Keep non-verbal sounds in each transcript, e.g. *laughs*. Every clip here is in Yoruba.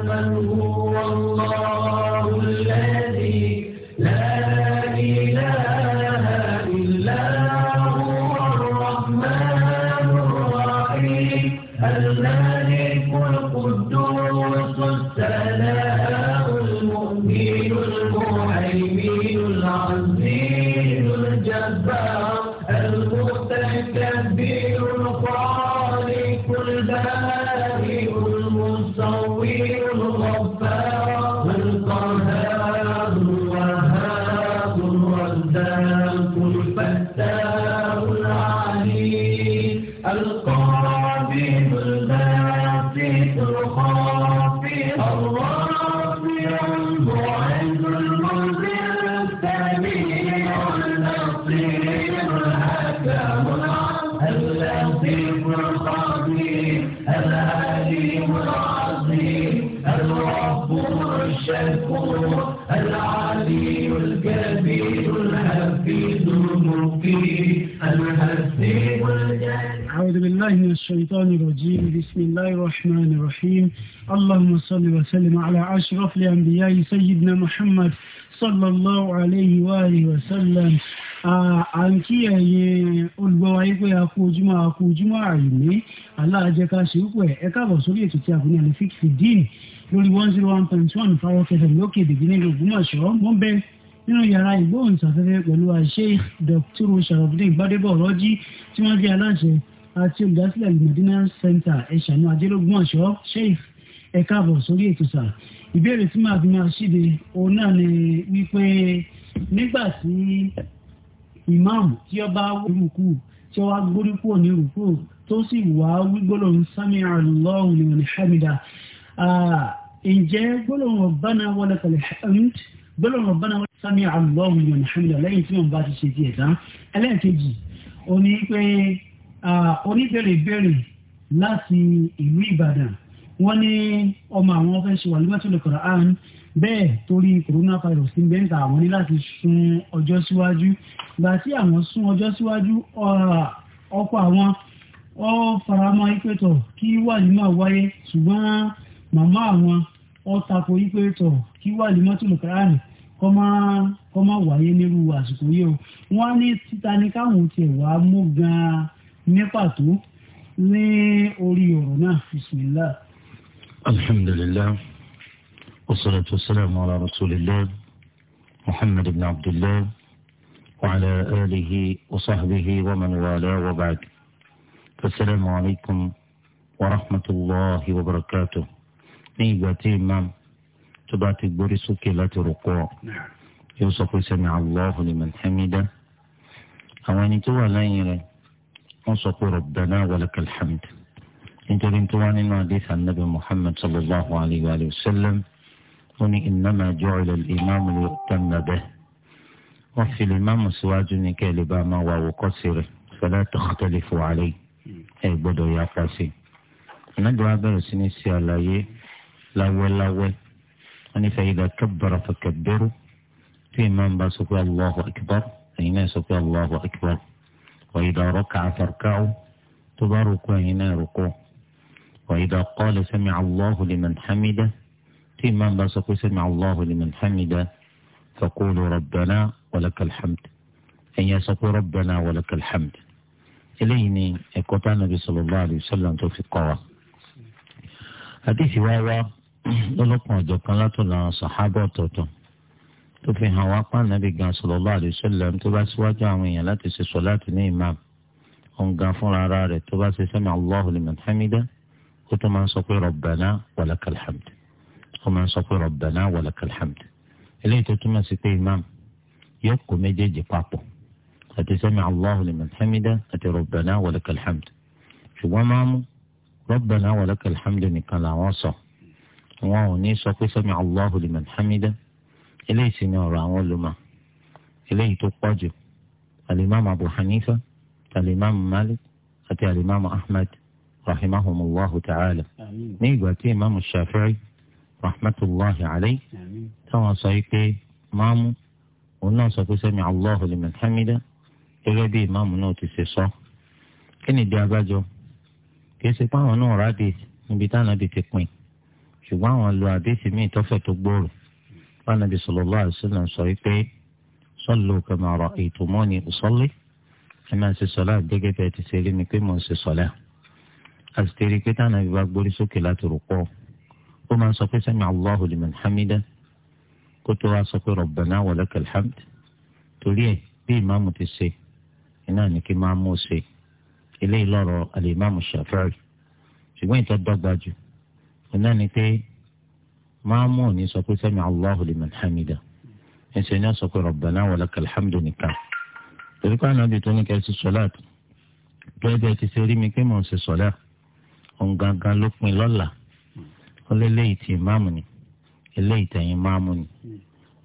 من هو الله الذي لا إله إلا هو à ń kí ẹ̀yin olùgbọ́ wa yí pé a kú ojúmọ́ a kú ojúmọ́ àìní aláàjẹká ṣerúpọ̀ ẹ̀ káàbọ̀ sórí ètò tí a kò ní àlefik fìdín lórí one zero one point one fáwọn kẹfẹ lókè dèbí nílùú Ògbómọ̀ṣọ́ mo ń bẹ nínú yàrá ìgbóhùnsáfẹ́fẹ́ pẹ̀lú àṣẹ Dr. Sharafdin Gbadebo Ọ̀rọ̀jì tí wọ́n jẹ́ aláṣẹ àti olùdásílẹ̀ Medina Center ẹ̀ṣánú ajẹ́lógúnmọ̀ṣọ́ sheikh ẹ káàbọ̀ sórí ètò sáà ìbéèrè tí màá fi máa ṣíde òun náà ni wípé nígbà tí ìmáàmù tí ó bá rúkú tí ó wá gbórí kúrò ní rúkú tó sì wá wí sami Allahu liman hamida ǹjẹ́ gbólóhùn rabbana wa lakal hamd gbólóhùn rabbana wa sami Allahu liman hamida lẹ́yìn tí wọ́n bá ti ṣe tiẹ̀ tán ẹlẹ́ẹ̀kejì oní pé oníbèrè bèrè láti ìlú Ìbàdàn wọ́n ní ọmọ àwọn fẹ́ ṣe wà lómọ́tò bẹ́ẹ̀ torí coronavirus ti bẹ́ẹ̀ ta àwọn ní láti sún ọjọ́ síwájú gbà tí àwọn sún ọjọ́ síwájú ọkọ̀ àwọn ọ faramọ́ ìpẹ́tọ̀ kí wàlímà wáyé ṣùgbọ́n màmá àwọn ọ tako ìpẹ́tọ̀ kí wàlímà tó lè kárànì kọ́ máa wáyé nírú àsìkò yìí o wọ́n á ní títa ní káwọn tiẹ̀ wá mú gan-an ní pàtó ní orí ọ̀rọ̀ náà bisimilá. alhamdulilayi. والصلاة والسلام على رسول الله محمد بن عبد الله وعلى آله وصحبه ومن والاه وبعد السلام عليكم ورحمة الله وبركاته نيجا تيمام تباتي بورسوكي لا ترقوا يوسف سمع الله لمن حمده أواني توا لين وصف ربنا ولك الحمد انت بنت وانين حديث النبي محمد صلى الله عليه وآله وسلم wọ́n ní innama ju'ila al-imamu liyu'tamma bihi wọ́n fi ìmáàmù síwájú ní wòkọ́ sí bá máa wà wòkọ́sí rẹ̀ fala takhtalifu alayhi ẹ gbọ́dọ̀ yà pa sí i. ànágbé wa bẹ̀rẹ̀ sí ní ṣe àlàyé láwẹ́láwẹ́ wọ́n ní fa idha kabbara fakabbiru tí ìmáàmù bá sọ pé Allahu akbar ẹ̀yin náà sọ pé Allahu akbar wa idha raka'a farka'u tó bá rúkọ ẹ̀yin náà rúkọ wa idha qala sami'a Allahu liman hamidah tí imam bá sọ pé sami Allahu liman hamida faqulu rabbana walakal hamd ẹ̀yin sọ pé rabbana walakal hamd eléyìí ni ẹ̀kọ́ tá nàbí sallallahu alayhi wa sallam tó fi kọ́ wa. àdìsí wa wá lọ́lọ́kan ọ̀jọ̀ kan látọ̀nà sàhábà ọ̀tọ̀ọ̀tọ̀ tó fi hàn wá pa nàbí gan sallallahu alayhi wa sallam tó bá síwájú àwọn èèyàn láti ṣe sọ̀láàtì ní imam ọ̀ǹgá fúnra ara rẹ̀ tó bá ṣe sami Allahu liman hamida ó tó máa ń sọ pé rabbana walakal hamd. kọ́ máa ń sọ pé rabbana wa lakal hamd eléyìí tó túmọ̀ sí pé imam yóò kó méjèèjì papọ̀ àti sami Allahu liman hamida àti rabbana wa lakal hamd ṣùgbọ́n máa mú rabbana wa lakal hamd nìkan làwọn sọ wọn ò ní sọ pé sami Allahu liman hamida eléyìí sì ni ọ̀rọ̀ àwọn olùmọ̀ eléyìí tó pọ̀ jù alimami Abu Hanifa alimami Malik àti alimami Ahmad rahimahumullahu ta'ala ní ìgbà tí imam Shafi'i. rahmatulahi alayhi táwọn sọ pé máàmù òun náà sọ pé sami Allahu liman hamida gẹ́gẹ́ bí ìmáàmù náà ti ṣe sọ. kí ni ìdí abájọ kì í ṣe pé àwọn náà ráde níbi táwọn ti pin ṣùgbọ́n àwọn lo àdéhìí míì tọ́fẹ̀ tó gbòòrò bá nàbì sallallahu alaihi wasallam sọ pé sallu kama ra'aytumuni usalli ẹ máa ṣe sọlá gẹ́gẹ́ bẹ́ẹ̀ ti ṣe rí mi pé mò ń ṣe sọlá àti tẹ̀rí pé táwọn àbí bá gbórí sókè láti rò pọ̀ ó máa ń sọ pé sami allahu liman hamida kó tó wá sọ pé rabbana wa lakal hamd torí ẹ̀ bí ìmáàmù ti ṣe iná ní kí máa mú un ṣe eléyìí lọ́rọ̀ alimami shafi'i ṣùgbọ́n ìtọ́ dọ́gba jù iná ní pé máa mú un sọ pé sami allahu liman hamida ẹsẹ̀ ní sọ pé rabbana wa hamd nìkan torí pé àná bìtú ní kẹsì sọláàtì bí ẹgbẹ́ ti ṣe rí mi pé mò ń ó lé léyìí tí ìmáàmù ni eléyìí tẹ̀yìn máàmù ni hmm.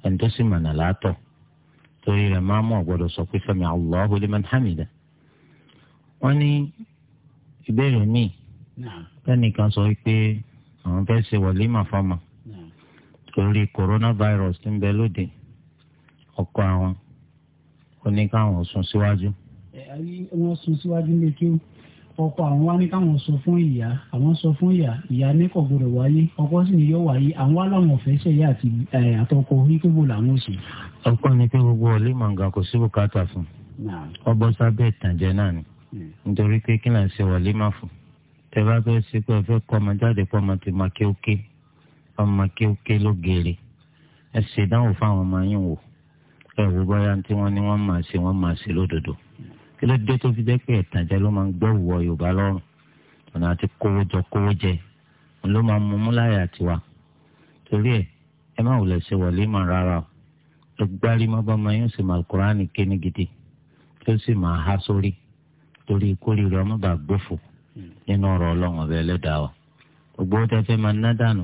ẹni tó sì mọ̀nà látọ̀ torí rẹ̀ máàmù ọ̀gbọ́dọ̀ sọ pé fẹ́mi Allahu liman hamida wọ́n ní ìbéèrè míì tẹ́nìkan sọ pé àwọn fẹ́ ṣe wọ̀límà fọ́mọ torí coronavirus ti ń bẹ lóde ọkọ àwọn oníkàwọn sún síwájú. wọ́n sún síwájú lékè o. ọkọ àwọn wá káwọn sọ fún ìyá àwọn sọ fún ìyá ìyá ní kò wáyé ọkọ sì ni yọ wáyé àwọn wá ọ̀fẹ́ àti àtọkọ wíkébò làwọn sì. ọkọ ni pé gbogbo ọlẹ́ màǹgà kò sí bùkátà fún ọbọ náà ni hmm. nítorí pé kí náà ṣe lè má fún bá ṣe pé ọmọ jáde ọmọ ti ọmọ kí ló dé tó fi jẹ́ pé ẹ̀tànjẹ ló máa ń gbọ́ ìwọ yorùbá lọ́rùn ọ̀nà àti kówó jọ kówó jẹ ló máa ń mú múláyà tiwa torí ẹ ẹ má wùlẹ̀ ṣe wọlé mọ̀ rárá o ẹ gbárí mọ́ bọ́mọ yóò sì máa kúránì ké ní gidi tó sì máa há sórí torí kórìíra ọmọ bá gbófò nínú ọ̀rọ̀ ọlọ́run ọ̀bẹ ẹlẹ́dàá wa gbogbo tẹ́tẹ́ máa ná dànù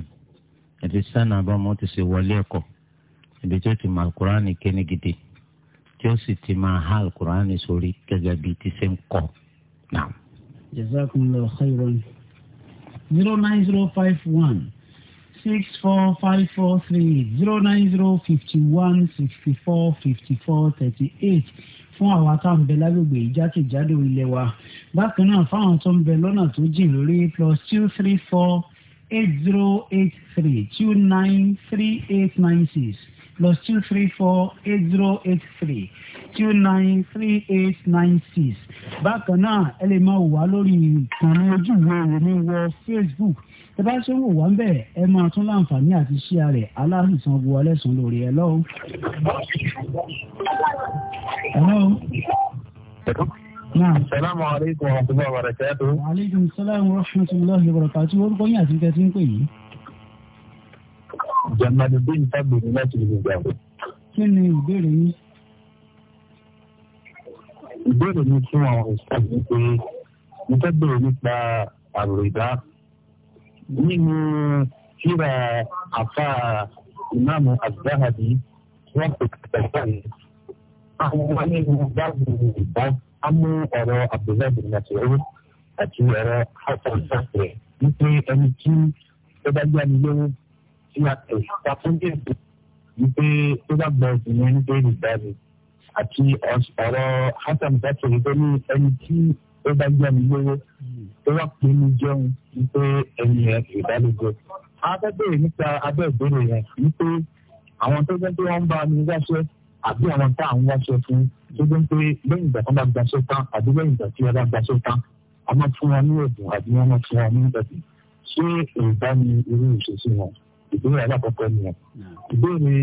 ẹ̀fí sànà bọ́mọ ti ṣe wọlé ẹ̀kọ́ ibi tó ti máa kúránì ké ní gidi tí ó sì ti máa há alukur'an sórí gẹ́gẹ́ bíi ti ṣe ń kọ́ náà. jazakumullahu khairan zero nine zero five one six four five four three zero nine zero fifty one sixty four fifty four thirty eight fún àwa tá à ń bẹ lágbègbè ìjákèjádò ilé wa bákan náà fáwọn tó ń bẹ lọ́nà tó jìn lórí plus two three four eight zero eight three two nine three eight nine six plus two three four eight zero eight three two nine three eight nine six. bákan náà ẹ lè máa wà lórí ìkànnì ojúwe mi wọ facebook tẹ bá ṣe ń wò wá ń bẹ̀ ẹ máa tún láǹfààní àti ṣíà rẹ̀ aláhùnsán bu ọlẹ́sàn lórí ẹ lọ́wọ́. hello. naam. salaamu aleykum wa rahmatulahi wa barakatuhu. wa aleykum salaam wa rahmatulahi wa barakatuhu. orúkọ yín àti ìtẹ́tí ń pè yìí jamaludin tábìlì láti lè gbàgbé. kí ni ìbéèrè yín. ìbéèrè mi fún àwọn òṣèlú ni pé mo fẹ́ bèrè nípa àròyìnbá nínú kíra àfa ìmáàmù àgbáhàbí wọn kò tẹ̀síwá yìí. àwọn ọmọ nínú báàbù ìbá á mú ọ̀rọ̀ àbúrò ìrìnàjò ẹ̀rọ àti ọ̀rọ̀ àtàwọn ìfàṣẹ wípé ẹni tí ó bá gbá mi lówó sí àtẹ̀ ìtàkùnjẹ̀sì wípé tó bá gbọ́ ẹ̀sìn ní ẹnìkan ìdíjáde àti ọ̀rọ̀ hasan sátìrì tó ní ẹni tí ó bá jẹ́ mi lówó tó wà pé mi jẹun wípé ẹni ẹ̀ ìdálójọ. afẹ́bẹ̀rẹ̀ nípa abẹ́ ìbéèrè yẹn wípé àwọn tó jẹ́ pé wọ́n ń bá mi wáṣẹ́ àbí àwọn tá à ń wáṣẹ́ fún tó jẹ́ pé lẹ́yìn ìgbà kan bá gbaṣẹ́ tán àbí lẹ́yìn ìgbà tí wọ́n bá gbaṣẹ́ tán a máa fún wọn ní ẹ̀bùn àbí wọ́n máa fún wọn ní ẹ̀bùn ṣé ìbá ni irú ìṣesí wọn ìbéèrè alákọ̀ọ́kọ́ nìyẹn ìbéèrè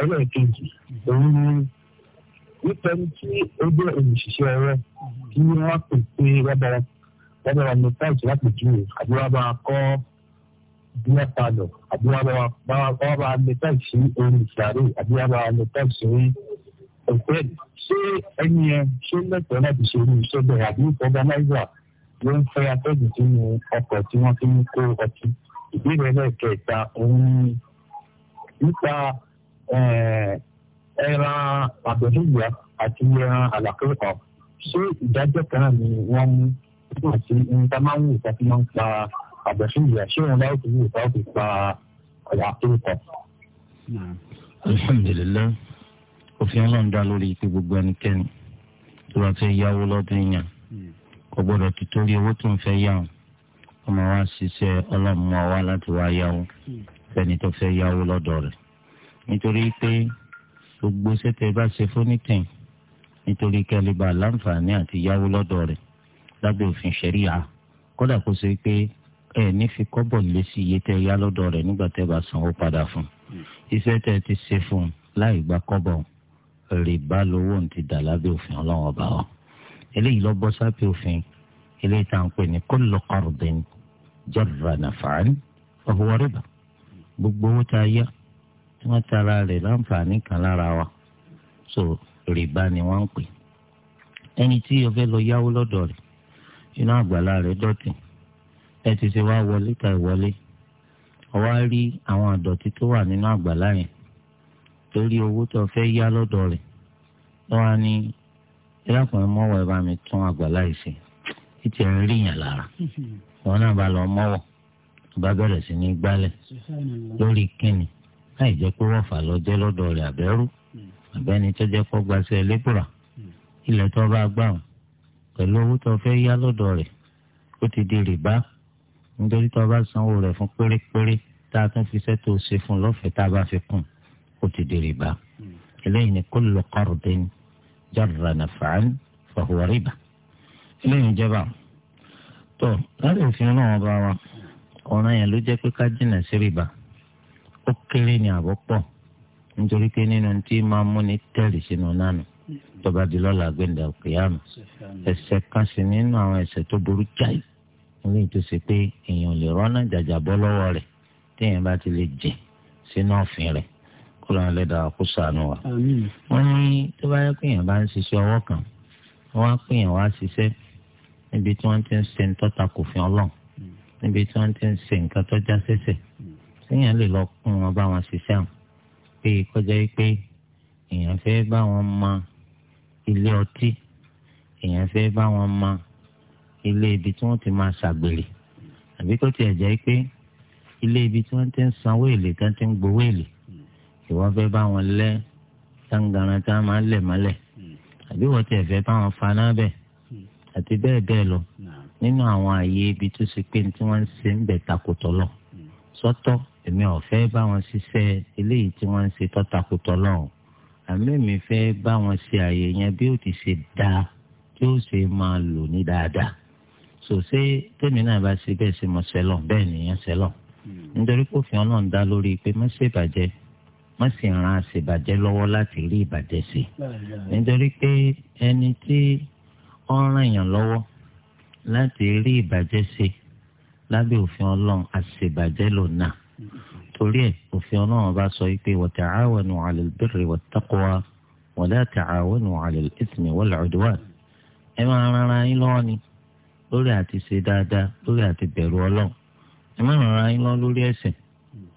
ẹlẹ́ẹ̀kejì òun ni nítorí tí ó jẹ́ òṣìṣẹ́ rẹ kí wọ́n pè pé rọ́bà rọ́bà wà ní táìsì láti júwe àbí wọ́n bá kọ́ bíyà padà àbí wọ́n bá wọ́n bá ní táìsì orí ìsàrè àbí wọ́n bá ní táìsì orí ẹ̀fẹ́ ṣé ẹni yẹn ṣé lẹ́tọ̀ọ́ láti ṣe orí iṣẹ́ bẹ̀rẹ̀ àbí ìfọ̀gánáìzà ló ń fẹ́ atẹ́gùn sínú ọkọ̀ tí wọ́n fi ń kó ọtí ìbéèrè ẹlẹ́kẹta òun ni nípa eh, ẹran àbẹ̀lẹ́yà àti ẹran àlàkẹ́kọ̀ọ́ ṣé ìdájọ́ kan ni wọ́n mú nígbà tí níta máa ń wò ká fi máa ń pa àbẹ̀lẹ́yà ṣé wọn láì fi wò ká fi pa àlàkẹ́kọ̀ọ́. alhamdulilayi òfin ọlọ́run dá lórí ikú gbogbo ẹnikẹ́ni tó bá fẹ́ yáwó lọ́dún yàn hmm. kò gbọ́dọ̀ tó torí owó tó ń fẹ́ yà ọmọ wa ṣiṣẹ́ ọlọ́mọ wa láti wá yáwó fẹ́ni tó fẹ́ yáwó lọ́dọ̀ rẹ̀ nítorí pé gbogbo sẹ́tẹ̀ bá ṣe fúnitìn nítorí kẹlẹ́bà láǹfààní àti yáwó lọ́dọ̀ rẹ̀ lábẹ́ òfin ṣẹ̀ríà kódà kó ṣe pé ẹ ní fi kọ́bọ̀ lé sí iye tẹ́ yá lọ́dọ̀ rẹ̀ nígbà tẹ́ bá sanwó padà fún iṣẹ́ tẹ́ ti ṣe fún láì gba kọ́bọ̀ rìbá lówó ti dà lábẹ́ òfin ọlọ́wọ́n bá wa eléyìí lọ́ bọ́ sápẹ́ òfin eléyìí tá à ń pè ní kullu qardin jarra naf'an fahuwa riba gbogbo owó tá a yá tí wọ́n tara rẹ̀ láǹfààní kan lára wa so rìbá ni wọ́n ń pè ẹni tí o fẹ́ lọ yáwó lọ́dọ̀ rẹ̀ inú àgbàlá rẹ̀ dọ̀tí ẹ ti ṣe wá wọlé ta ìwọlé ọwá rí àwọn àdọ̀tí tó wà nínú àgbàlá yẹn torí owó tó fẹ́ yá lọ́dọ̀ rẹ̀ lọ́wọ́ ni ẹ dákun mọ́wọ́ ẹ bá mi tún àgbàlá yìí ṣe ìtì ń rí yàn lára wọn náà bá lọ mọ́wọ́ bá bẹ̀rẹ̀ sí ní gbálẹ̀ lórí kínni láì jẹ́ pé wọ́n fà lọ́jọ́ lọ́dọ̀ rẹ̀ àbẹ́rú àbẹ́ni tó jẹ́ kó gbaṣẹ́ ẹlẹ́kùrà ilẹ̀ tó bá gbà wọn pẹ̀lú owó tó fẹ́ yá lọ́dọ̀ rẹ̀ ó ti di rìbá nítorí tó bá sanwó rẹ̀ fún pérépéré tá a tún fi sẹ́tò ṣe fún lọ́fẹ̀ẹ́ tá a bá fi kún ó ti di rìbá eléyìí ni kullu qardin jarra naf'an fa huwa riba lẹ́yìn ìjẹba tó láti òfin náà bá wa ọ̀ràn yẹn ló jẹ́ pé ká jìnà sí rìbá ó kéré ní àbọ̀ pọ̀ nítorí pé nínú tí máa mú ní tẹ̀lì sínú nánu tọba di lọ́la gbẹ̀ndà òkèèyàn ẹ̀ṣẹ̀ kan sì nínú àwọn ẹ̀ṣẹ̀ tó burú jáì nílé tó ṣe pé èèyàn lè rọ́nà jàjà bọ́ lọ́wọ́ rẹ̀ téèyàn bá ti lè jẹ sínú ọ̀fìn rẹ̀ kó lọ́n lẹ́dà kó sànù wa. wọ́n ní tó bá yẹ kéèyàn bá ń ṣiṣẹ́ ọwọ́ kan wọ́n á kéèyàn wá ṣiṣẹ́ níbi tí wọ́n ti ń ṣe ń tọ́ta kò fi ọlọ́run níbi tí wọ́n ti ń ṣe nǹkan tó já sẹ́sẹ̀ síyàn lè lọ kún wọn bá wọn ṣiṣẹ́ àwọn pé kọjá yìí pé èèyàn fẹ́ bá wọn mọ ilé ọtí èèyàn fẹ́ bá wọn mọ ilé ibi tí wọ́n ti máa ṣàgbèrè àbí kó tiẹ̀ jẹ́ pé ilé ibi tí wọ́n ti ń sanwó èlé tán ti ń gbowó èlé ìwọ́n fẹ́ bá wọn lẹ́ tangaran máa lẹ̀ mọ́lẹ̀ àbí wọ́n tiẹ̀ fẹ́ bá wọn faná bẹ́ẹ̀ àti bẹ́ẹ̀ bẹ́ẹ̀ lọ nínú àwọn ààyè ibi tó ṣe pé tí wọ́n ń ṣe ń bẹ̀ takòtọ́ lọ hmm. sọ́tọ̀ èmi ò fẹ́ bá wọn ṣiṣẹ́ eléyìí tí wọ́n ń ṣe tọ́ takòtọ́ lọ àmì mi fẹ́ bá wọn ṣe ààyè yẹn bí ó ti ṣe dáa tí ó ṣe máa lò ní dáadáa sòṣé tèmi náà bá ṣe bẹ́ẹ̀ ṣe mọ̀ sẹ́lọ̀ bẹ́ẹ̀ nìyẹn sẹ́lọ̀ hmm. nítorí kò fi ọlọ́run dá lórí pé má ṣe ìbàjẹ́ má sì ran àṣìbàjẹ́ lọ́wọ́ láti rí ìbàjẹ́ sí nítorí pé ẹni tí ó ń ràn yàn lọ́wọ́ láti rí ìbàjẹ́ ṣe lábẹ́ òfin ọlọ́run àṣìbàjẹ́ lọ́nà torí ẹ̀ òfin ọlọ́run bá sọ pé wa ta'awanu 'ala al-birri wat-taqwa wa la ta'awanu 'ala al-ithmi wal-'udwan ẹ máa ran ara yín lọ́wọ́ ni lórí àti ṣe dáadáa lórí àti bẹ̀rù ọlọ́run ẹ máa ran yín lọ́wọ́ lórí ẹ̀ṣẹ̀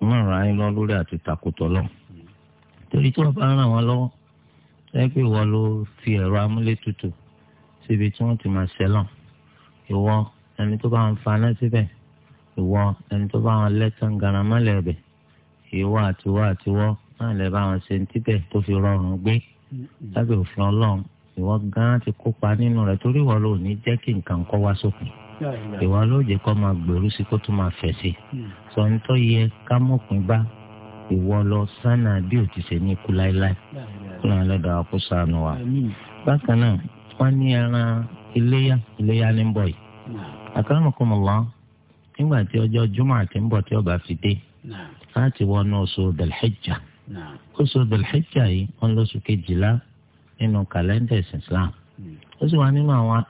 ẹ máa ran yín lọ́wọ́ lórí àti takùtọ̀ lọ torí tí wọ́n bá ràn wọ́n lọ́wọ́ ṣé pé wọ́n ló fi ẹ̀rọ amúlétutù síbi tí wọ́n ti máa ṣẹlọ̀ ìwọ ẹni tó bá ń faná síbẹ̀ ìwọ ẹni tó bá wọn lẹ́tàn garamálẹ̀ ẹ̀bẹ̀ ìwọ àtiwọ àtiwọ náà lè bá wọn ṣe níbẹ̀ tó fi rọrùn gbé mm-hmm. lábẹ́ òfin ọlọ́run ìwọ gan ti kópa nínú rẹ̀ torí ìwọ ló ní jẹ́ kí nǹkan kọ́ wá sókun ìwọ ló jẹ́ kó máa gbèrú sí kó tún máa fẹ̀ sí mm. sọ ní tó yẹ ká mọ̀kún bá ìwọ lọ sánà bí ò ti ṣe ní ikú láéláé kó náà lọ́dọ̀ àkóso àánú wa bákan náà wọ́n ní ẹran iléyà iléyà ní bọ̀ yìí. akramakumullah nígbà tí ọjọ́ jùmọ̀ ń bọ̀ tí ọba fi dé láti wọnú oṣù dalhijja oṣù dalhijja yìí wọ́n lóṣù kejìlá nínú kàlẹ́ndà ìsìn islam ó sì wá nínú àwọn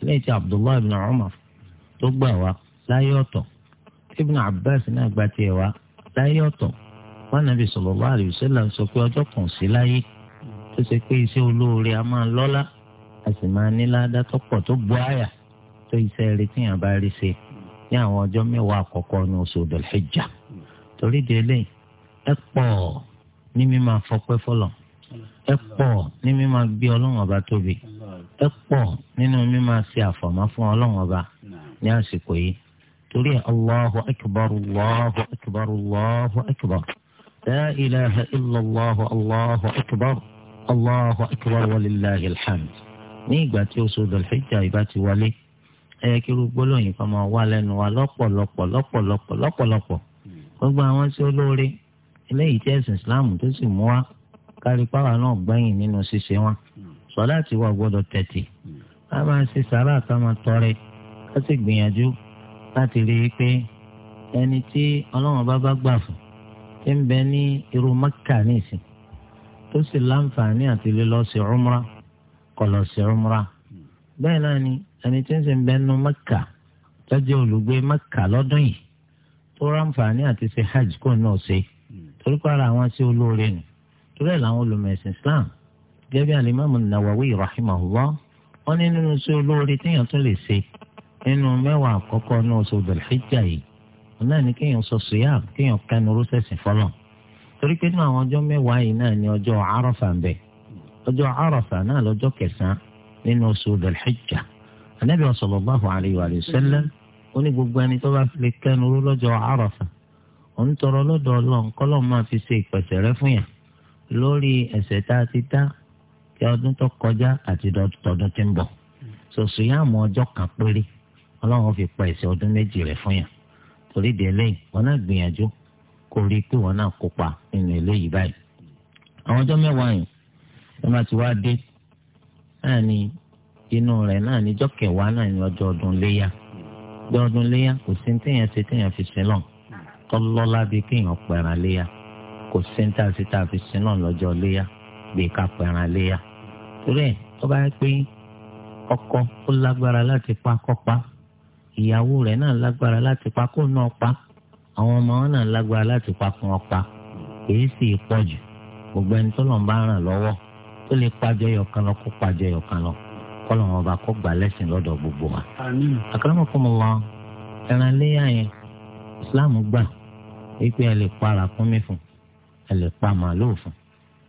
ilé tí abdullahi ibn umar tó gbà wá láyé ọ̀tọ̀ ibn abbas náà gbà tiẹ̀ wá láyé ọ̀tọ̀ wọn nàbì sọ pé ọjọ́ sí láyé tó ṣe pé iṣẹ́ olóore a máa lọ́lá a sì máa ní ládá tó pọ̀ tó bu àyà tó iṣẹ́ rí tíyàn bá rí ṣe ní àwọn ọjọ́ mẹ́wàá àkọ́kọ́ ní oṣù dọ̀lẹ́jà torí délé ẹ pọ̀ ní mímọ afọ́pẹ́ fọlọ́ ẹ pọ̀ ní mímọ gbé ọlọ́run ọba tóbi ẹ pọ̀ nínú mímọ ṣe àfọ̀mọ́ fún ọlọ́run ọba ní àsìkò yìí torí allahu akbar allahu akbar allahu akbar la ilaha illa allahu allahu akbar allahu akbar walillahi alhamd ní ìgbà tí oṣù dọ̀lẹ́jà ìbá ti wọlé ẹ yẹ kí irú gbólóyìn kan máa wá lẹ́nu wa lọ́pọ̀lọpọ̀ lọ́pọ̀lọpọ̀ lọ́pọ̀lọpọ̀ gbogbo àwọn tí ó lóore eléyìí tí ẹ̀sìn islam tó sì mú wa kárí pàwọ́ náà gbẹ̀yìn nínú ṣíṣe wọn sọlá ti wà gbọ́dọ̀ tẹ̀tì ká máa ṣe sàrà ká máa tọrẹ ká sì gbìyànjú láti rí i pé ẹni tí ọlọ́run bá bá gbà fún ti ń bẹ ní irú mẹ́kà ní ìsìn tó sì láǹfààní àti lè lọ sí umra kó lọ sí umra bẹ́ẹ̀ náà ni ẹni tí ń sìn bẹ́ẹ̀ nu mẹ́kà tó jẹ́ olùgbé mẹ́kà lọ́dún yìí tó ráǹfààní àti ṣe hajj kó náà ṣe torí pé ara àwọn sí olóore nù torí ẹ̀ làwọn olùmẹ̀sìn Islam gẹ́gẹ́ bí alimami Nawawi rahimahullah wọ́n ní nínú sí olóore téèyàn tún lè ṣe nínú mẹ́wàá àkọ́kọ́ náà oṣù Dhul Hijja yìí wọn náà kéèyàn sọ sùyà kéèyàn kẹnu rọ́ṣẹ̀sì fọlọ́n torí pé náà àwọn ọjọ́ mẹ́wàá yìí náà ni ọjọ́ àròfà ń bẹ ọjọ́ àròfà náà lọ́jọ́ kẹsàn-án nínú oṣù dàlhíjà anábìyà sallallahu alayhi wa sallam ó ní gbogbo ẹni tó bá lè kẹnu ró lọ́jọ́ àròfà òun tọrọ lọ́dọ̀ ọlọ́run kọ́lọ́ máa fi ṣe ìpẹ̀sẹ̀ rẹ fún yàn lórí ẹ̀ṣẹ̀ tá a ti dá kí ọdún tó kọjá àti tọdún tí ń bọ̀ sòsò ọjọ́ kó rí pé wọn náà kópa nínú eléyìí báyìí àwọn ọjọ́ mẹ́wàá yìí wọn bá ti wá dé náà ni inú rẹ̀ náà níjọ́ kẹwàá náà ní ọjọ́ ọdún léyà ọjọ́ ọdún léyà kò sí téèyàn ṣe téèyàn fi sin lọ tọlọlá bíi kéèyàn pẹran léyà kò sí níta sí tá a fi sin lọ lọ́jọ́ léyà bíi ká pẹran léyà torí ẹ̀ tó bá yẹ pé ọkọ ó lágbára láti pa kó pa ìyàwó rẹ̀ náà lágbára láti pa kó náà pa àwọn ọmọ wọn náà lágbára láti pa fún wọn pa èyí sì pọ̀ jù gbogbo ẹni tó lọ́n bá ràn lọ́wọ́ tó lè pàjọ yọkan lọ kó pàjọ yọkan lọ kọ́lọ̀ wọn bá kó gbà lẹ́sìn lọ́dọ̀ gbogbo wa. akramakumullah ẹran léyà yẹn islam gbà wípé ẹ lè pa ràkúnmí fún ẹ lè pa màálù fún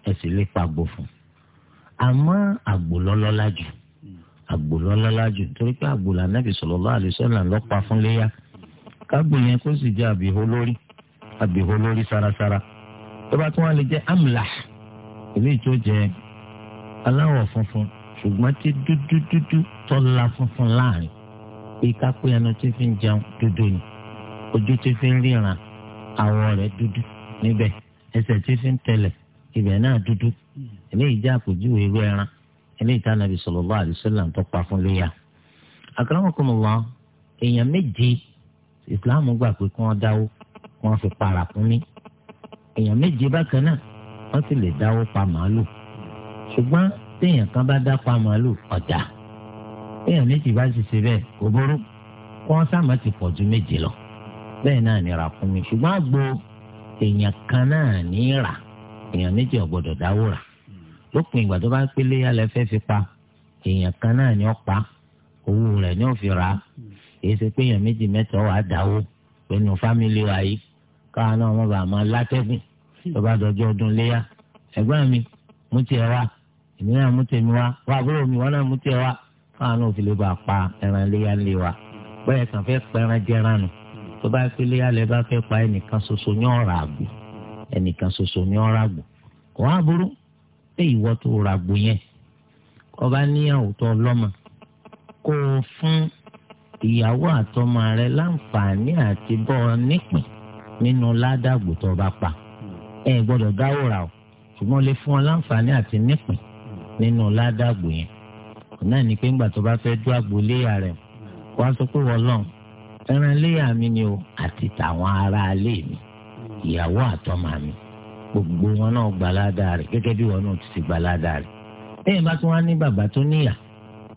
ẹ sì lè pa àgbò fún àmọ́ àgbò lọ́lọ́lá jù àgbò lọ́lọ́lá jù torí pé àgbò lànà Ànábì sallallahu alaihi wasallam fún léyà. agbanyeghị yẹn kó sì jẹ́ àbíhó lórí àbíhó lórí sarasara tó bá tún wá lè jẹ́ amla èmi tó funfun ṣùgbọ́n tí dúdú dúdú funfun láàrin pé ẹnu tí fi ń jẹun dúdú ni ojú tí fi ń ríran àwọ̀ rẹ̀ dúdú níbẹ ẹsẹ tí fi ń tẹlẹ náà dúdú eléyìí ẹran eléyìí tá nàbì tó pa fún léyà. wọn èèyàn méje ìsìláàmù gbà pé kí wọ́n dáwó kí wọ́n fi para fún mi èèyàn méje bákan náà wọ́n sì lè dáwó pa màálù ṣùgbọ́n téèyàn kan bá dá pa màálù ọ̀dà téèyàn méjì bá sì ṣe bẹ́ẹ̀ kò burú kí wọ́n sáà má ti pọ̀ ju méje lọ bẹ́ẹ̀ náà ni ra fún mi ṣùgbọ́n àgbo èèyàn kan náà ní rà èèyàn méjì ò gbọ́dọ̀ dáwó rà lópin ìgbà tó bá ń pélé yálẹ̀ fẹ́ fi pa èèyàn kan náà ni ó owó rẹ̀ ni ó fi rà á kì í ṣe pé èèyàn méjì mẹ́ta wà á dáwó pẹ̀lú fámìlì wa yìí káwọn náà wọn bá máa látẹ́gùn tó bá dọjọ́ ọdún léyà ẹ̀gbọ́n mi mú tiẹ̀ wá èmi náà mú tèmi wá wá àbúrò mi wọn náà mú tiẹ̀ wá káwọn náà ò fi lè bá a pa ẹran léyà lé wa bẹ́ẹ̀ kàn fẹ́ pẹran jẹran nù tó bá pé léyà lẹ bá fẹ́ pa ẹnìkan ṣoṣo ní ọ̀rọ̀ àgbò ẹnìkan ṣoṣo ní ọ̀rọ̀ àgbò kò wá burú pé ìwọ tó ra àgbò yẹn kó bá níyàwó tó lọ́mọ kó fún ìyàwó àtọmọ rẹ láǹfààní àti bọ́ ọ nípìn nínú ládàgbò tó bá pa ẹ gbọ́dọ̀ dáwọ́ ra o ṣùgbọ́n lè fún ọ láǹfààní àti nípìn nínú ládàgbò yẹn náà ni pé ńgbà tó bá fẹ́ dú àgbò léyà rẹ wàá sọ pé wọ́n lọ́n ẹran léyà mi ni o àti tàwọn ará ilé mi ìyàwó àtọmọ mi gbogbo wọn náà gbalada rẹ gẹ́gẹ́ bí wọn náà ti ti gbalada rẹ ẹ̀yìn bá tún wá ní bàbá tó níyà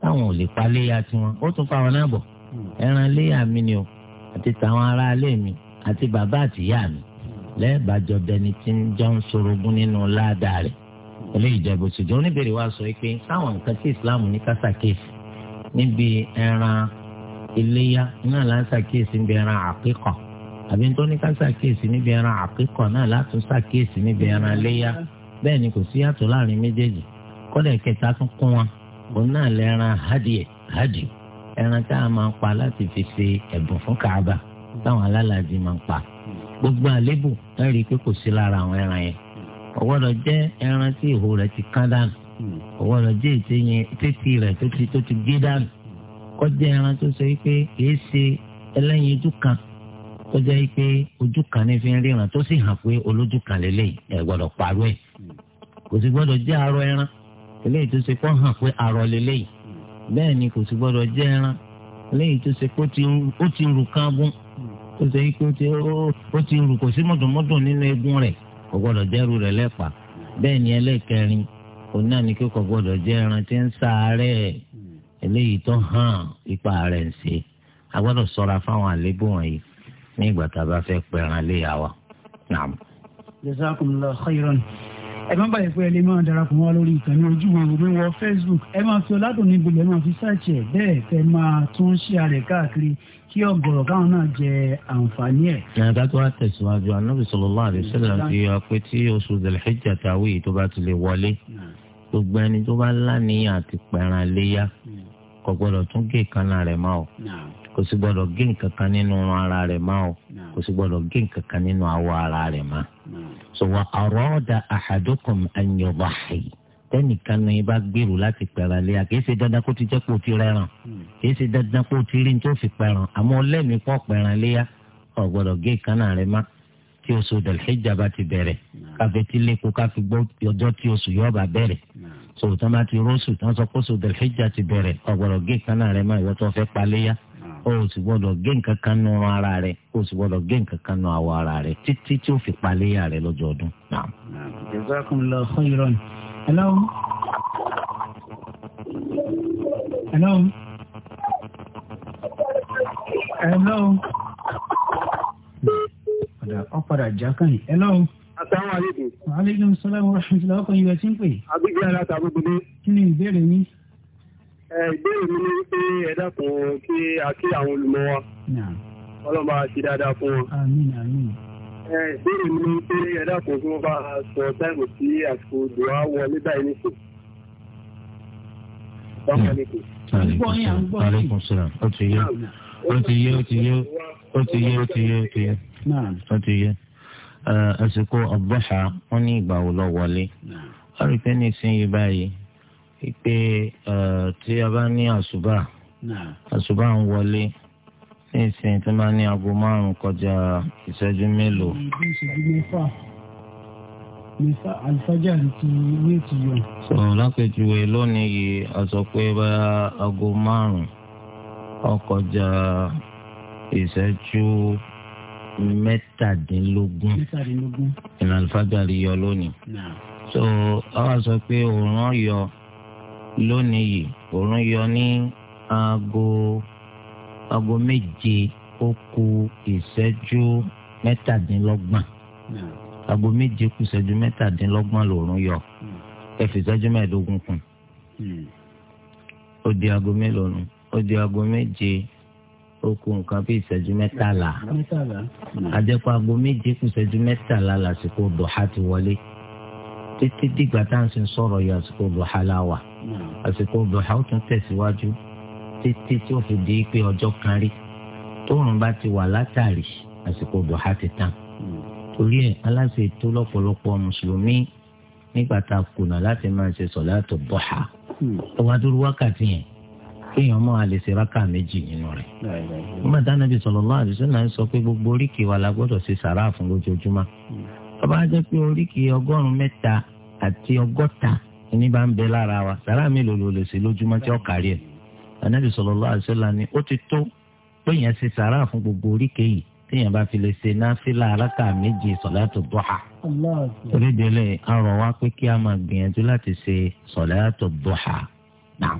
táwọn ò lè pa léyà tiwọn ó tún fa wọn náà bọ̀. ẹran léyà mi ni o àti tàwọn ará ilé mi àti bàbá àtìyá mi lẹ́ẹ̀bàjọ dẹni tí ń jọ ń sorogún nínú ládàá rẹ̀ eléyìí jẹ́ ṣùgbọ́n oníbèrè wa sọ pé sáwọn nǹkan tí Islam ní ká níbi ẹran iléyà náà níbi ẹran àbí tó ní níbi ẹran náà látún níbi ẹran iléyà bẹ́ẹ̀ ni kò sí yàtọ̀ ẹran tá a máa pa láti fi ṣe ẹ̀bùn fún Káàbà táwọn alálàájì máa pa gbogbo àlébù ẹ rí i pé kò sí lára àwọn ẹran yẹn ọ̀gbọ́dọ̀ jẹ́ ẹran tí ìhò rẹ̀ ti kán dànù ọ̀gbọ́dọ̀ jẹ́ ìtẹ̀yìn títì rẹ̀ tó ti tó ti gé dànù kọjá ẹran tó sọ pé kìí ṣe ẹlẹ́yin ojú kan kọjá pé ojú kan ní fi ń ríran tó sì hàn pé olójú kan lélẹ̀ ẹ̀ gbọ́dọ̀ parọ́ ẹ̀ kò sì gbọ́dọ̀ jẹ́ arọ ẹran eléyìí tó ṣe kọ́ hàn pé arọ lélẹ́yìí bẹ́ẹ̀ ni kò sì gbọ́dọ̀ jẹ́ ẹran lẹ́yìn tó ṣe pé ó ti rù kángun ó ṣe pé ó ti rù kò sí mọ̀dùnmọ́dùn nínú eegun rẹ̀ kò gbọ́dọ̀ jẹ́rù rẹ̀ lẹ́pa bẹ́ẹ̀ ni ẹlẹ́kẹrin òun náà ni kíkọ̀ gbọ́dọ̀ jẹ́ ẹran tí ń sàárẹ̀ eléyìí tó hàn ipa rẹ̀ ń ṣe a gbọ́dọ̀ ṣọ́ra fáwọn àlébù wọ̀nyí ní ìgbà tá a bá fẹ́ pẹ̀ràn léyàwó. Naam. Jazakumullahu khairan ẹ má bàyẹ̀ pé ẹ lè máa darapọ̀ mọ́ lórí ìkànnì ojú ìwé wọ facebook ẹ máa fi ọ̀làdùn níbi ilẹ̀ máa fi ṣáàṣì ẹ̀ bẹ́ẹ̀ fẹ́ máa tún ṣí ààrẹ káàkiri kí ọ̀gọ̀rọ̀ káwọn náà jẹ àǹfààní ẹ̀. ìyá ká wá tẹ̀síwájú anábì sallallahu alaihi wasallam fi hàn pé tí oṣù Dhul-Hijjah tàwí tó bá ti lè wọlé gbogbo ẹni tó bá láníyàn àti pẹ̀ràn léyà hmm. kò tún gé ìkànnà rẹ̀ máa kò sì gbọdọ̀ gé nǹkan kan nínú ara rẹ̀ má o kò sì gbọdọ̀ gé nǹkan kan nínú awọ ara rẹ̀ má. sọ wa arada ahadukum an yudahi tẹnìkan ní bá gbèrú láti pẹ̀ràn lé kìí ṣe dandan kó ti jẹ́ kó ti rẹ̀ràn hmm. kìí ṣe dandan kó ti rí ní tó fi pẹ̀ràn àmọ́ lẹ́mìí pọ̀ pẹ̀ràn léyà ò gbọdọ̀ gé ìkànnà rẹ̀ má tí oṣù dẹ̀lẹ́jà bá ti bẹ̀rẹ̀ káfí tí lẹ́kọ̀ọ́ káfí gbọ́ ọjọ́ tí oṣù yóò bá bẹ̀rẹ̀ sòtọ́ bá ti rọ́ṣù tán sọ kóṣù dẹ̀lẹ́jà ti bẹ̀rẹ̀ ò gbọdọ̀ gé ìkànnà rẹ̀ má ìwọ́tọ́ fẹ́ paléyà o sì gbọ́dọ̀ gé nǹkan kan nu ara rẹ̀ o sì gbọ́dọ̀ gé nǹkan kan nu àwọ̀ ara rẹ̀ títí tí ó fi paléyà rẹ̀ lọ́jọ́ ọdún. jazakumullahu khairan. hello. hello. hello. ọ̀dà ọ̀padà jákàyìn. hello asalaamualeykum. maaleykum salaam wa rahmatulah ọkọ ìwé tí ń pè. àbíkí aláta gbogbo. kí ni ìbéèrè yín ìbéèrè mi ni pé ẹ dákun kí a kí àwọn olùmọ̀ wa ọlọ́mọ àti dáadáa fún wọn. ìbéèrè mi ni pé ẹ dákun kí wọ́n bá sọ táìmù sí àsìkò dùwà wọlé báyìí nìkan. Gbọ́ yà àsìkò ọ̀bọ̀ṣà wọn ní ìgbà wo lọ wọlé. Wọ́n rí pé ní báyìí ìpè tí a bá ní àṣùbà àṣùbà ń wọlé ní ìsìn tí wọ́n bá ní aago márùn-ún kọjá ìṣẹ́jú mélòó. àlùfájà ti ní ìtìyọ. sọ̀rọ̀ lápèjúwe lónìí yìí a sọ pé báyà aago márùn ọkọjá ìṣẹ́jú mẹ́tàdínlógún ìlànà rí yọ lónìí. so àwa sọ pé òòrùn yọ lónìí yìí òòrùn yọ ní aago aago méje ó kù ìṣẹ́jú mẹ́tàdínlọ́gbọ̀n aago méje kù ìṣẹ́jú mẹ́tàdínlọ́gbọ̀n lòòrùn yọ ẹ fi ìṣẹ́jú mẹ́ẹ̀ẹ́dógún kù ó di aago mélòó nù ó di aago méje ó kù nǹkan bí ìṣẹ́jú mẹ́tàlá àjẹpọ̀ aago méje kù ìṣẹ́jú mẹ́tàlá lásìkò dọ̀há ti wọlé títí dìgbà tá à ń sọ̀rọ̀ yọ àsìkò dọ̀há láwà. àsìkò dọ̀hà ó tún tẹ̀síwájú títí tí ó fi di pé ọjọ́ kan rí tóòrùn bá ti wà látàrí àsìkò dọ̀hà ti tàn torí ẹ aláṣẹ ètò lọ́pọ̀lọpọ̀ mùsùlùmí nígbà tá a kùnà láti máa ṣe wákàtí yẹn kéèyàn mọ àlè sọ pé gbogbo oríkì wa la gbọ́dọ̀ ṣe sàrà fún lójoojúmọ́. jẹ́ pé oríkì ọgọ́rùn-ún mẹ́ta àti ọgọ́ta ní bá ń bẹ lára wa sàrà mélòó ló lè ṣe lójúmọ́ tí ó kárí ẹ̀ anabi sallallahu alaihi wasallam ni ó ti tó pé yẹn ṣe sàrà fún gbogbo oríkèyìí téèyàn bá fi lè ṣe náfìlà alákà méjì sọ̀láàtù dọ́hà. orídìílẹ̀ arọ̀ wá pé kí a máa gbìyànjú láti ṣe sọ̀láàtù dọ́hà náà.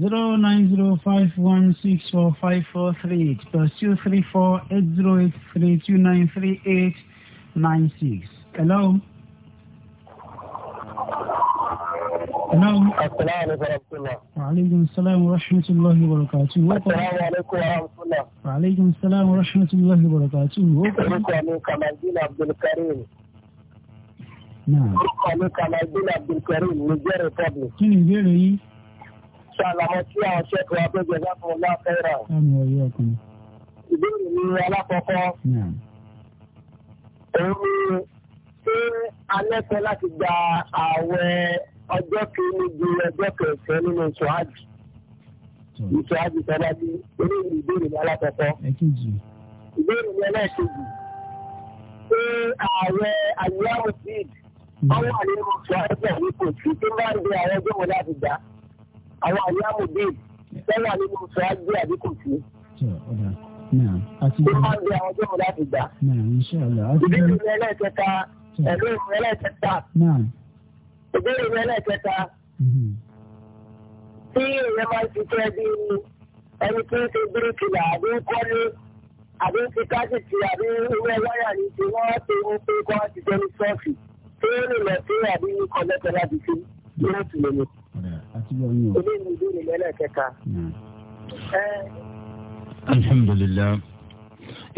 zero nine zero five one six four five four three eight plus two three four eight zero eight three two nine three eight nine six. Naam. Asalaamu alaykum wa rahmatulah. Wa aleykum salaam wa rahmatulahi wa barakatu. Asalaamu alaykum wa rahmatulah. Wa aleykum salaam wa rahmatulahi wa barakatu. Orúkọ mi Kamaldeen Abdulkareem. Orúkọ mi Republic. Kí ni ìbéèrè yìí? Ṣàlàmọ́ sí àwọn ṣẹ́kù abẹ́jẹ́ láti ọlá fẹ́ra. Àmì ọ̀yẹ́ ọkùnrin. Ìbéèrè ọjọ́ kìíní di ọjọ́ kẹsàn-án nínú ṣọ́ájì ìṣọ́ájì sábà ní eléyìí ìbéèrè ní alákọ̀ọ́kọ́ ìbéèrè ní ẹlẹ́ẹ̀kejì pé ààrẹ àyíwáwò bíd hmm. wọ́n wà nínú ṣọ́ájì ní kò sí tó bá ń de àwọn ọjọ́ wọn láti gbà àwọn àyíwáwò bíd wọ́n wà nínú ṣọ́ájì àbí kò sí. tó bá ń de àwọn ọjọ́ wọn láti gbà. ìbéèrè ní ẹlẹ́ẹ̀kẹta ẹ̀rọ ìbéèrè mi ẹlẹ́kẹta mm-hmm. tí èèyàn máa ń ṣiṣẹ́ bí ẹni tí ń ṣe bíríkìlà àbí ń kọ́lé àbí ń fi káṣíìtì àbí ewé wáyà ní ti wọ́n ṣe ń pé kọ́ ti jẹ́ ní sọ́ọ̀fì tí ó lè lọ sí àbí kọ́lẹ́tẹ̀ láti fi yóò tù lómi. ilé mi ìbéèrè mi ẹlẹ́kẹta. Mm. alhamdulilayi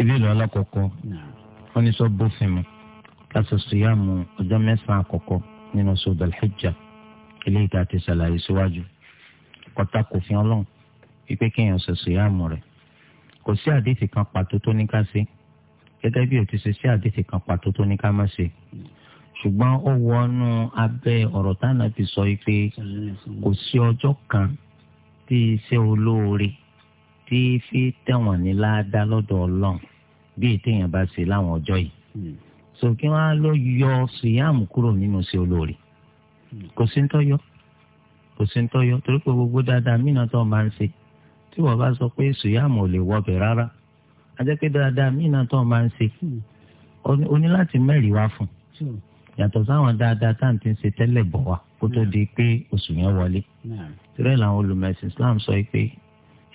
ìbéèrè alákọ̀ọ́kọ́ mm. wọ́n ní sọ bófin mu láti sọ yá mu ọjọ́ mẹ́sàn-án àkọ́kọ́ nínú sọdọl hijja eléyìí tá a ti ṣàlàyé síwájú kọta kò fi ọlọ́run wípé kéèyàn ṣẹṣẹ yáàmù rẹ̀ kò sí àdéhìí kan pàtó tó ní ká ṣe gẹ́gẹ́ bí o ti ṣe sí àdéhìí kan pàtó tó ní ká má ṣe ṣùgbọ́n ó wọnú abẹ́ ọ̀rọ̀ táwọn fi sọ pé kò sí ọjọ́ kan tí iṣẹ́ olóore tí fi tẹ̀wọ̀n ní láàdá lọ́dọ̀ ọlọ́run bí ètèèyàn bá ṣe láwọn ọjọ́ yìí so kí wọn á lọ yọ síyàmù kúrò nínú sí olórí kò sí ń tọyọ kò sí ń tọyọ torí pé gbogbo dáadáa mìíràn tó máa ń ṣe tí wọn bá sọ pé síyàmù ò lè wọbẹ rárá ajẹ́ pé dáadáa mìíràn tó máa ń ṣe o ní láti mẹ́rìí wá fún yàtọ̀ sáwọn dáadáa tá à ń ti ṣe tẹ́lẹ̀ bọ̀ wá kó tó di pé oṣù yẹn wọlé tìrẹ̀ làwọn olùmẹ̀sìn Islam sọ pé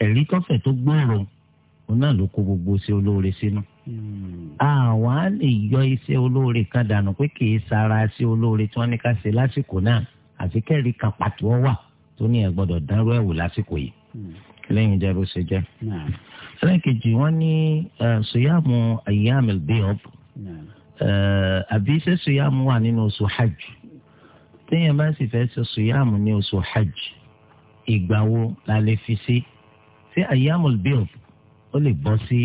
ẹ̀rí tọ́fẹ̀ tó gbòòrò òun náà ló kó gbogbo iṣẹ́ olóore sínú. àwa lè yọ iṣẹ́ olóore kan dànù pé kì í sara iṣẹ́ olóore tí wọ́n ní ká ṣe lásìkò náà àti kẹ́rì kan pàtó wà tó ní ẹ̀ gbọ́dọ̀ dárú ẹ̀wò lásìkò yìí lẹ́yìn jẹ́ bó ṣe jẹ́. ẹlẹ́kejì wọ́n ní sùyàmù ayyamil bíọ́b àbí ṣé sùyàmù wà nínú oṣù hajj téèyàn bá sì fẹ́ ṣe sùyàmù ní oṣù hajj ìgbà wo la lè fi sí ṣé ayyamul bíọ́b ó lè bọ́ sí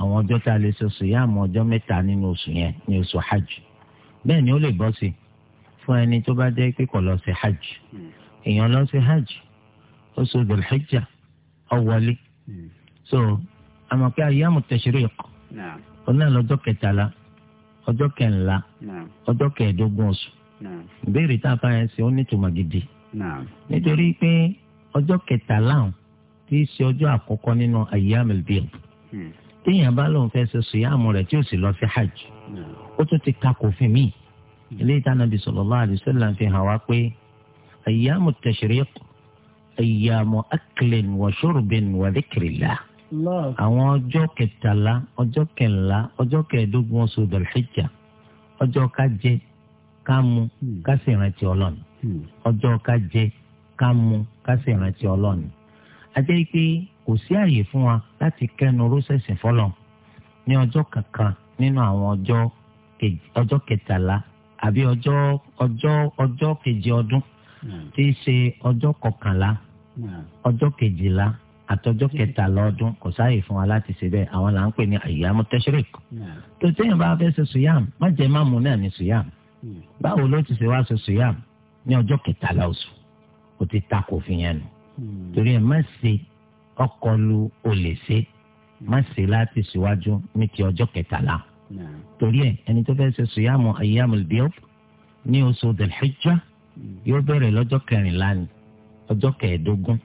àwọn ọjọ́ tá a lè sọ sọ yá àmọ́ ọjọ́ mẹ́ta nínú oṣù yẹn ní oṣù hajj bẹ́ẹ̀ ni ó lè bọ́ sí fún ẹni tó bá jẹ́ pé kò lọ sí hajj èèyàn lọ sí hajj wọlé so àmọ́ pé ó náà lọ́jọ́ kẹtàlá ọjọ́ kẹńlá ọjọ́ kẹẹ̀ẹ́dógún oṣù ìbéèrè tá a fà yẹn sí ó nítumọ̀ gidi nítorí pé ọjọ́ kẹtàlá ọ̀hún tí í ṣe ọjọ́ àkọ́kọ́ nínú ayyamil bid hmm. téèyàn bá lóun fẹ́ ṣe sùyàmù rẹ̀ tí ó sì lọ sí hajj hmm. ó tún ti ka kòfin míì hmm. eléyìí tá nàbì sallallahu alaihi wasallam fi hàn wá pé ayyamu tashriq ayyamu aklin wa shurbin wa àwọn ọjọ́ kẹtàlá ọjọ́ kẹńlá ọjọ́ kẹẹ̀ẹ́dógún oṣù dọ̀lẹ́jà ọjọ́ ká jẹ ká mu ọjọ́ ká jẹ ká mu ajẹ́ pé kò sí àyè fún wa láti kẹ́nu rósẹ̀sì fọlọ̀ ní ọjọ́ kankan nínú àwọn ọjọ́ ọjọ́ kẹtàlá àbí ọjọ́ ọjọ́ ọjọ́ kejì ọdún hmm. tí í ṣe ọjọ́ kọkànlá hmm. ọjọ́ kejìlá àtọjọ́ kẹtàlá ọdún kò sáàyè fún wa láti ṣe bẹ́ẹ̀ àwọn là ń pè ní àyàmú tẹsírìkì hmm. tó téèyàn bá fẹ́ ṣe sùyàm má jẹ má mu náà ní sùyàm báwo ló ti ṣe wá ṣe sùyàm ní ọjọ́ kẹtàlá oṣù kò ti ta kò fi yẹn nù torí ẹ má ṣe ọkọ lu olè ṣe má ṣe láti síwájú ní ti ọjọ́ kẹtàlá torí ẹ ẹni tó fẹ́ ṣe sùyàmù ayyamul bid ní oṣù dẹ̀lẹ́jà yóò bẹ̀rẹ̀ lọ́jọ́ kẹrìnlá ni ọjọ́ kẹẹ̀ẹ́dógún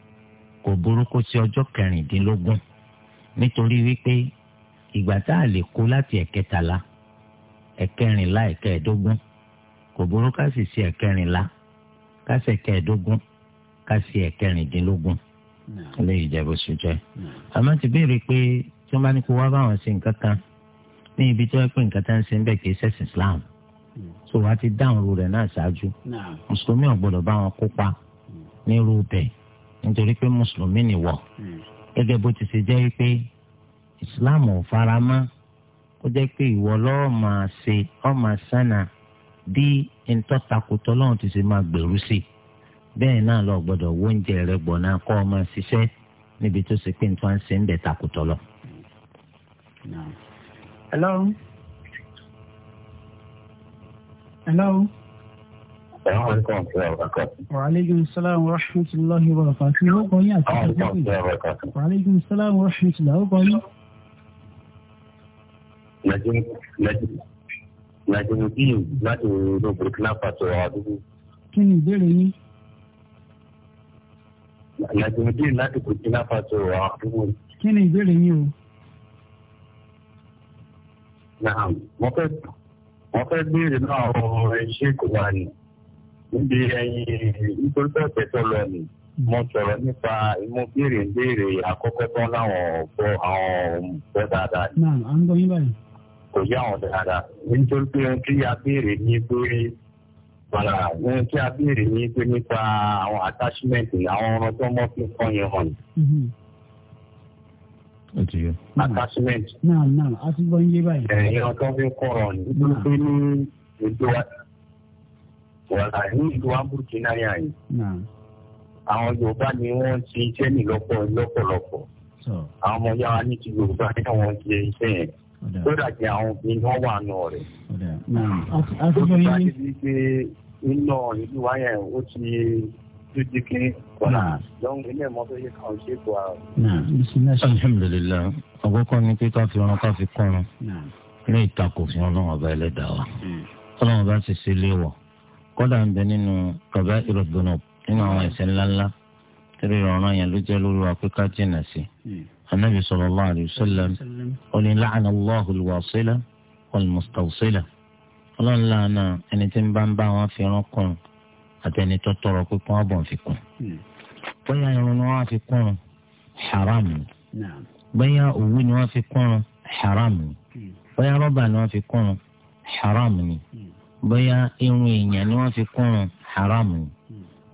kò burú kó sí ọjọ́ kẹrìndínlógún nítorí wípé ìgbà tá a lè kó láti ẹ̀kẹtàlá ẹ̀kẹrìnlá ẹ̀kẹẹ̀dógún kò burú ká sì sí ẹ̀kẹrìnlá ká sì ẹ̀kẹẹ̀dógún Kasi ẹ̀kẹrìndínlógún ilé ìjẹ́bù sójú ẹ̀. àmọ́ ti béèrè pé tí wọ́n bá ní kó wá báwọn ṣe nǹkan kan ní ibi tí wọ́n pè nǹkan kan ṣe ń bẹ̀ kì í ṣẹ̀sìn Islam tó hmm. wàá ti dáhùn ru rẹ̀ náà ṣáájú mùsùlùmí ò bá wọn kópa ní irú nítorí pé mùsùlùmí ni wọ̀ hmm. gẹ́gẹ́ bó ti ṣe jẹ́ pé Islam ò fara mọ́ kó jẹ́ pé ìwọ lọ́ọ́ máa ṣe ọ́ máa bẹ́ẹ̀ náà lọ gbọ́dọ̀ wo oúnjẹ rẹ gbọ̀ náà kọ́ ọ máa ṣiṣẹ́ níbi tó ṣe pé nǹkan ṣe ń bẹ̀ takùtọ̀ lọ. hello. hello. Wàhálẹ́gùn sálàm rahmatulahi wa barakatuh. Ìwọ kan yín àti ìdókòwò. Wàhálẹ́gùn sálàm rahmatulahi wa barakatuh. Nàìjíríà láti ìlú Burkina Faso àdúgbò. Kí ni ìbéèrè yín? lajumudin láti burkina faso àwọn àdúgbò. kí ni ìbéèrè yín o. naam mo fẹ́ mo fẹ́ béèrè náà ọ̀rọ̀ ẹ̀ṣẹ́ kò wá ní níbi ẹyin nítorí pé ọ̀sẹ̀ tó lọ ni mo sọ̀rọ̀ nípa mo béèrè béèrè àkọ́kọ́ tán láwọn ọ̀bọ àwọn ọ̀bọ dáadáa. naam à ń gbọ́ yín báyìí. kò yá àwọn dáadáa nítorí pé ohun tí a béèrè ní pé. Wàlá ní kí a béèrè ní pé nípa àwọn attachment àwọn ọ̀rọ̀ tó mọ́ fi kọ́ yẹn hàn. Mm-hmm. Attachment. Náà náà a ti gbọ́ yé báyìí. Ẹ̀yin ọ̀tọ́ fi kọ̀rọ̀ ní pé ní ètò wàlá ní ìlú Amúrúkínà ní àyè. Àwọn Yorùbá ni wọ́n ti iṣẹ́ nìlọ́pọ̀ lọ́pọ̀lọpọ̀. Àwọn ọmọ yàrá ní ti Yorùbá ní àwọn ti iṣẹ́ yẹn kódà kí àwọn obìnrin wà nù rẹ̀. ó ti bá níbi pé iná ìlú wa ó ti dúdú kí kọ́nà lọ́hùn ilé mọ́tò yìí kan ṣe kó a. alhamdulilayi àkọ́kọ́ ni pé ká fi ọrùn ká ní ìtakò fún ọlọ́run ọba ẹlẹ́dàá wa ọlọ́run ọba ti ṣe léwọ̀ kódà ń bẹ nínú kaba ìrọ̀gbọ̀nà nínú àwọn ẹ̀ṣẹ̀ ńláńlá tẹ́lẹ̀ ìrọ̀rùn yẹn ló jẹ́ lórí wa pé ká jìnnà sí i. النبي صلى الله عليه وسلم قل لعن الله الواصلة والمستوصلة ọlọ́run lànà ẹni tí ń bá ń bá wọn fi irun kùn àti ẹni tó tọrọ pé kí wọ́n bọ̀ fi kùn. bóyá irun ni wọ́n fi kùn haram bóyá òwú ni wọ́n fi kùn haram bóyá rọ́bà ni wọ́n fi kùn haram bóyá irun èèyàn ni wọ́n fi kùn haram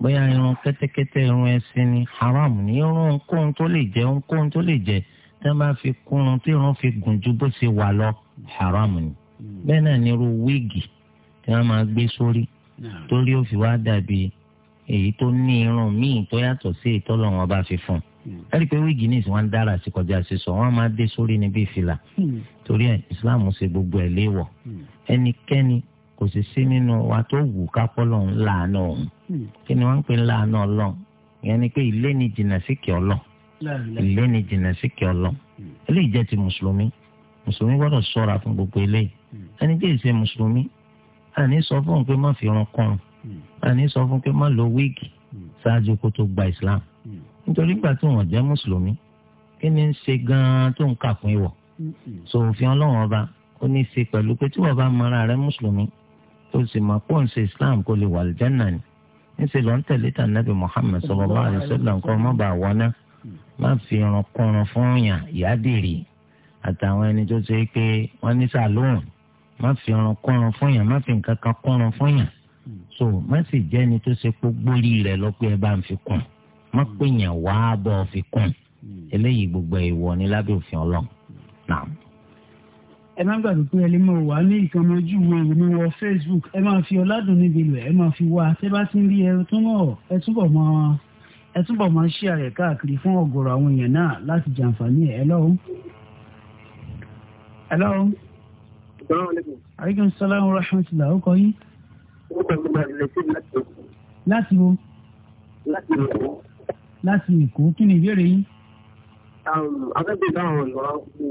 bóyá irun kẹ́tẹ́kẹ́tẹ́ irun ẹ̀sìn ni haram ní irun ohunkóhun tó lè jẹ ohunkóhun tó lè jẹ tí wọ́n bá fi kúrun tí irun fi gùn ju bó ṣe wà lọ haram ni hmm. bẹ́ẹ̀ náà ni irú wíìgì tí wọ́n máa gbé sórí torí ó fi wá dàbí èyí tó ní irun míì tó yàtọ̀ sí èyí tọ́lọ́run bá fi fún un hmm. ẹ̀rí pé wíìgì ní ìsìnwá ń dára sí kọjá sísọ wọn máa dé sórí níbi ìfìlà hmm. torí ẹ̀ ìsìláàmù ṣe gbogbo ẹ̀ léèwọ̀ ẹnikẹ́ni kò sì sí nínú wa tó wù kápọ́ lọ́n láàánú òun hmm. kí ni wọ́n ń pè láàánú ọlọ́n ìyẹn ni pé ilé ni jìnnà síkì ọlọ́n ilé ni jìnnà síkì ọlọ́n hmm. eléyìí jẹ́ ti mùsùlùmí mùsùlùmí gbọ́dọ̀ ṣọ́ra fún gbogbo eléyìí hmm. ẹni jẹ́ ìṣe mùsùlùmí àní sọ fún un pé má fi irun kọrùn àní sọ fún un pé má lo wíìgì ṣáájú kó tó gba islam nítorí gbà tí wọ́n jẹ́ mùsùlùmí kí ni ń ṣe gan-an tó ń kà ìwọ̀ so ọlọ́run ọba ó ní í ṣe pẹ̀lú pé tí wọ́n bá mọra rẹ mùsùlùmí tó sì máa pọ̀ ń ṣe islam kó lè wà lìjánà ni níṣẹ́ ló ń tẹ̀lé tà nàbì muhammed sallallahu alaihi wasallam kọ́ má bàa wọná má fi ẹran kọran fún yàn ìyádìrí àtàwọn ẹni tó ṣe pé wọ́n ní sàlóhùn má fi ẹran kọran fún yàn má fi nǹkan kan kọran fún yàn so má sì jẹ́ ẹni tó ṣe pé gbórí rẹ̀ lọ ẹ bá ń fi kùn má pè yàn wá bọ́ fi kùn eléyìí gbogbo ìwọ ni lábẹ́ òfin ọlọ́run náà ẹ má gbàgbé pé ẹlẹ́mọ wà ní ìkànnọ́jú wọn ìlú wọ Facebook ẹ máa fi ọ̀làdùn níbi ìlú ẹ máa fi wá tẹ́ bá ti ń rí ẹ túbọ̀ mọ́ ẹ túbọ̀ mọ́ ṣí àrẹ̀ káàkiri fún ọ̀gọ̀rọ̀ àwọn èèyàn náà láti jàǹfààní ẹ̀ hello. hello. aleykum salaam wa rahmatulah ó kọ yín. láti wo. láti wo. láti Èkó kí ni ìbéèrè yín. àbẹ̀bẹ̀ um, náà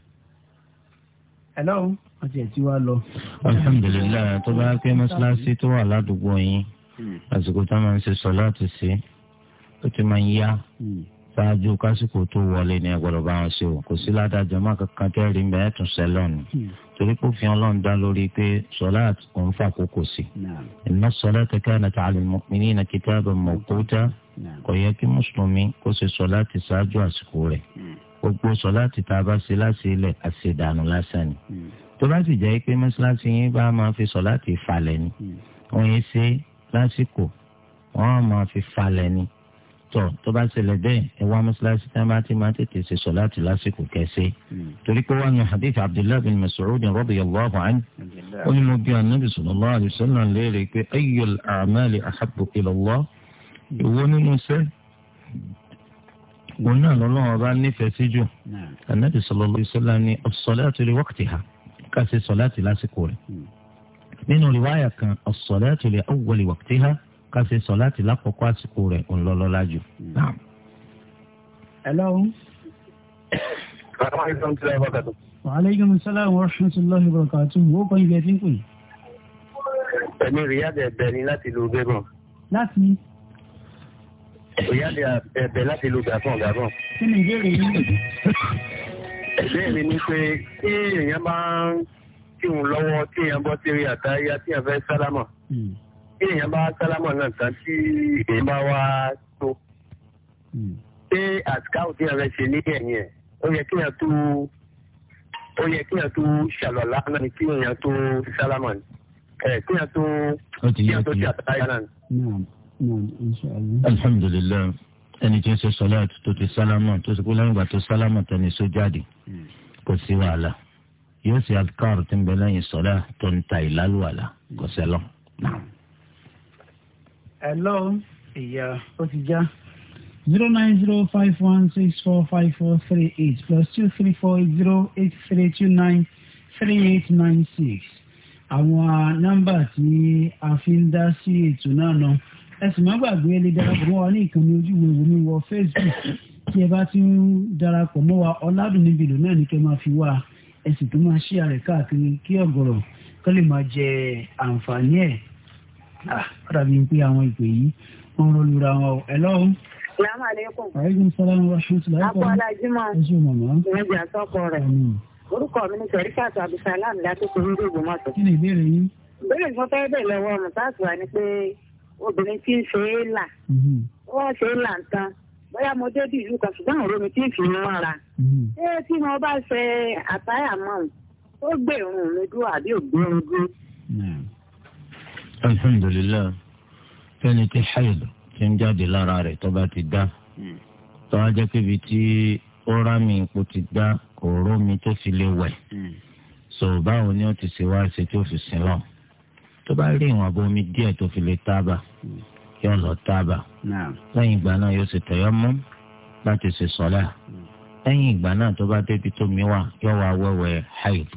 hello ọtí ẹ̀ tí wàá lọ. alhamdulilayi tó bá pé mọ́ṣáláṣí tó wà ládùúgbò yín hmm. àsìkò tá a máa ń ṣe sọ láti ṣe ó ti máa ń yá hmm. ṣáájú kásìkò tó wọlé ní ẹgbọ̀dọ̀ bá wọn ṣe o kò sí ládàjọ́ má kankan kẹ́rì mẹ́ẹ̀ tún ṣẹlẹ̀ ni hmm. torí kó fi ọlọ́run dá lórí pé sọlá kò ń fà kókò sí inna salata kanat ala al-mu'minina kitaban mawquta kò yẹ kí mùsùlùmí kó ṣe sọlá ti ṣáájú àsìkò rẹ̀ gbogbo sọláàtì tá a bá ṣe láṣẹ ilẹ̀ àṣedànù lásán ni hmm. tó bá sì jẹ́ pé mọ́ṣáláṣí yín bá máa fi sọláàtì falẹ̀ ni hmm. wọ́n yẹn ṣe lásìkò wọ́n máa fi falẹ̀ ni tọ̀ tó bá ṣẹlẹ̀ bẹ́ẹ̀ ẹ wá mọ́ṣáláṣí tá a bá ti máa tètè ṣe sọláàtì lásìkò kẹsẹ́ hmm. torí pé wọ́n ní hadith abdullahi bin masoud radiyallahu anhu ó ní mo bí òun náà lọ́lọ́run ọba nífẹ̀ẹ́ sí jù anabi sallallahu alaihi wasallam ní as-salatu li waqtiha ká ṣe sọláàtì lásìkò rẹ̀ hmm. nínú rìwáyà kan as-salatu li awwali waqtiha ká ṣe sọláàtì lákòókò àsìkò rẹ̀ òun lọ́lọ́lá jù. Hmm. hello. wa aleykum salaam wa rahmatulahi wa barakatuh wo kàn yẹ ti ń pè. ẹ̀mí rìyá bẹ̀ẹ̀ bẹ̀ẹ̀ ni láti lu gẹ́gàn. láti. Ìyá mi ẹ̀bẹ̀ láti lo gàgán gàgán. Kí ni ìbéèrè yìí? Ẹ̀bẹ̀ mi ni pé tí èèyàn bá ń kírun lọ́wọ́ tí èèyàn bọ́ sírí àtàyà tí èèyàn fẹ́ sálámà. Hmm. Tí èèyàn bá sálámà náà tán tí èèyàn bá wá tó. Hmm. Ṣé àtikáwò tí èèyàn fẹ́ ṣe ní ẹ̀yìn ẹ̀? Ó yẹ kí èèyàn tó ó yẹ kí èèyàn tó ṣàlọ́lá náà ni kí èèyàn tó sálámà ni. Kí èèyàn tó kí èèyàn tó ṣàtàyà náà alhamdulilayi ẹni tí ń ṣe sọlá tó ti sálámà tó ti kú lẹ́yìn ìgbà tó sálámà tó ní sọ jáde hmm. kò sí wàhálà yóò ṣe àkàrò tó ń bẹ lẹ́yìn sọlá tó ń ta ìlàlùwàlà kò sẹ́lọ. hello ìyá ó ti já zero nine zero five one six four five four three eight plus two three four zero eight three two nine three eight nine six àwọn nọ́mbà tí a fi ń dá sí ètò náà náà ẹ̀sìn má gbàgbé lè darapọ̀ mọ́ wa ní ìkànnì ojú ìwé mi wọ facebook tí ẹ bá ti ń darapọ̀ mọ́ wa ọ̀làdùn níbi ìlú náà ní kẹ́ máa fi wá ẹ̀sìn tó máa ṣí ààrẹ káàkiri kí ọ̀gọ̀rọ̀ kọ́ lè máa jẹ àǹfààní ẹ̀ padà bí n pé àwọn ìpè yìí wọ́n ń rọlùra wọn ẹ̀ lọ́hùn. Assalamu alaikum. Aleykum salaam wa rahmatullahi. Akọ Alájúmọ̀. Ẹ̀sùn màmá. Ìyẹn àtọkọ rẹ̀. Orúkọ mi ni Sọ̀ríkàtù Abdulsalam láti Kòrúdú Ògbómọ̀tò. Kí ni ìbéèrè yín? Ìbéèrè tí mo fẹ́ bẹ̀ lọ́wọ́ Mùsáàtù wa ni pé obìnrin tí ń ṣe é là mm-hmm. ó wá ṣe é là tán bóyá mo dé bí ìlú kan ṣùgbọ́n òru mi tí ì fi ń mọ́ra mm-hmm. ṣé tí mo bá ṣe àtàyà mọ́ ò ó gbé irun mi dúró àbí ò gbé irun dúró. alhamdulilayi fẹ́ni tí ṣáìlì ti ń jáde lára rẹ̀ tó bá ti dá hmm. tó wá jẹ́ kébi tí ó rá mi ipò ti dá kò rómi tó fi lè wẹ̀ hmm. so báwo ni ó ti ṣe wá ṣe tó fi sin lọ́wọ́ tó bá rí ìwọ̀n abomi díẹ̀ tó fi lè tábà yóò lọ tábà lẹ́yìn ìgbà náà yóò sì tẹ̀yọ́ mú láti ṣe sọ́lá lẹ́yìn ìgbà náà tó bá débi tó mi wà yóò wá wẹ́wẹ́ haid